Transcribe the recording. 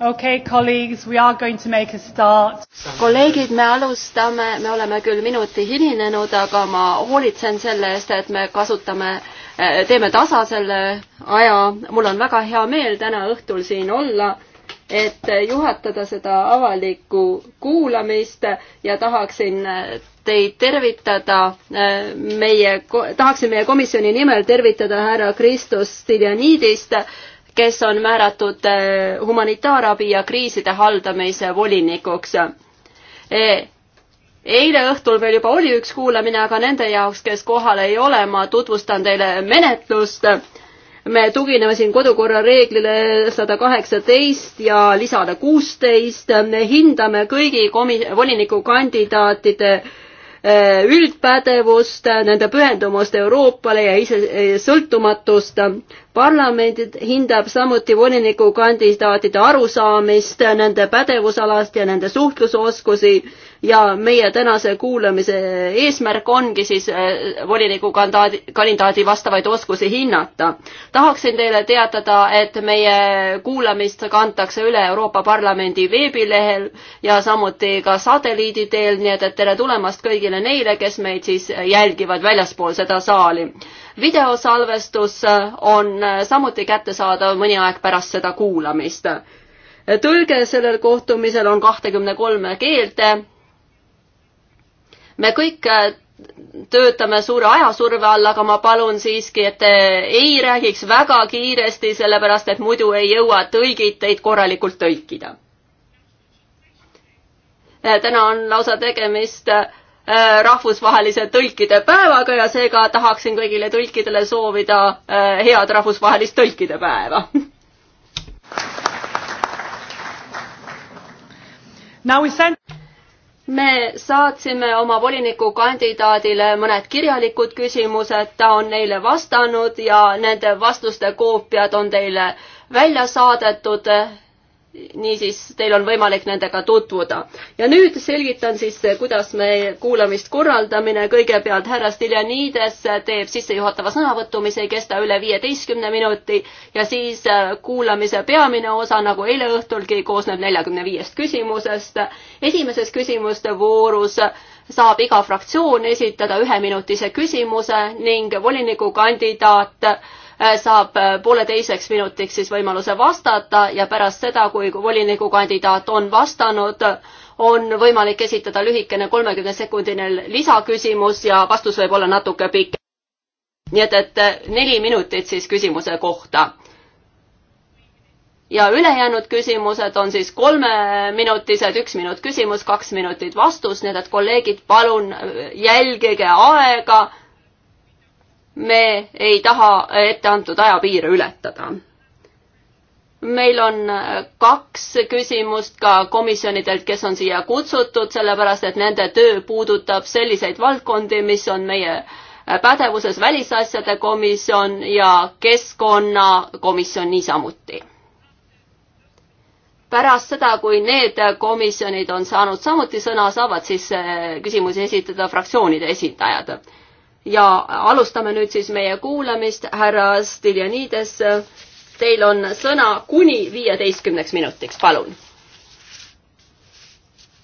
Okay, colleagues, we are going to make a start. kolleegid, me alustame, me oleme küll minuti hilinenud, aga ma hoolitsen selle eest, et me kasutame, eh, teeme tasa selle aja. mul on väga hea meel täna õhtul siin olla, et juhatada seda avalikku kuulamist ja tahaksin eh, teid tervitada eh, meie, tahaksin meie komisjoni nimel tervitada härra Kristus Stiljanidist kes on määratud eh, humanitaarabi ja kriiside haldamise volinikuks. E, eile õhtul meil juba oli üks kuulamine, aga nende jaoks, kes kohal ei ole, ma tutvustan teile menetlust. me tugineme siin kodukorra reeglile sada kaheksateist ja lisale kuusteist. me hindame kõigi komi-, volinikukandidaatide Äh, üldpädevust, nende pühendumust Euroopale ja ise sõltumatust. parlament hindab samuti volinikukandidaatide arusaamist nende pädevusalast ja nende suhtlusoskusi ja meie tänase kuulamise eesmärk ongi siis äh, voliniku kandaadi, kandidaadi vastavaid oskusi hinnata. tahaksin teile teatada, et meie kuulamist kantakse üle Euroopa Parlamendi veebilehel ja samuti ka satelliidi teel, nii et, et tere tulemast kõigile neile, kes meid siis jälgivad väljaspool seda saali. videosalvestus on samuti kättesaadav mõni aeg pärast seda kuulamist tõlge sellel kohtumisel on kahtekümne kolme keelte me kõik äh, töötame suure ajasurve all, aga ma palun siiski, et te ei räägiks väga kiiresti, sellepärast et muidu ei jõua tõlgid teid korralikult tõlkida. Äh, täna on lausa tegemist äh, rahvusvahelise tõlkide päevaga ja seega tahaksin kõigile tõlkidele soovida head rahvusvahelist tõlkide päeva. Now we send me saatsime oma volinikukandidaadile mõned kirjalikud küsimused, ta on neile vastanud ja nende vastuste koopiad on teile välja saadetud niisiis, teil on võimalik nendega tutvuda. ja nüüd selgitan siis, kuidas me kuulamist korraldamine, kõigepealt härra Stiljanides teeb sissejuhatava sõnavõtu, mis ei kesta üle viieteistkümne minuti ja siis äh, kuulamise peamine osa, nagu eile õhtulgi, koosneb neljakümne viiest küsimusest. esimeses küsimuste voorus saab iga fraktsioon esitada üheminutise küsimuse ning volinikukandidaat Äh, saab äh, pooleteiseks minutiks siis võimaluse vastata ja pärast seda, kui volinikukandidaat on vastanud, on võimalik esitada lühikene kolmekümnesekundine lisaküsimus ja vastus võib olla natuke pikem. nii et, et äh, neli minutit siis küsimuse kohta. ja ülejäänud küsimused on siis kolmeminutised, üks minut küsimus, kaks minutit vastus, nii et, et kolleegid, palun jälgige aega me ei taha etteantud ajapiire ületada. meil on kaks küsimust ka komisjonidelt, kes on siia kutsutud, sellepärast et nende töö puudutab selliseid valdkondi, mis on meie pädevuses Välisasjade komisjon ja Keskkonnakomisjon niisamuti. pärast seda, kui need komisjonid on saanud samuti sõna, saavad siis eh, küsimusi esitada fraktsioonide esindajad ja alustame nüüd siis meie kuulamist, härra Stiljanides, teil on sõna kuni viieteistkümneks minutiks, palun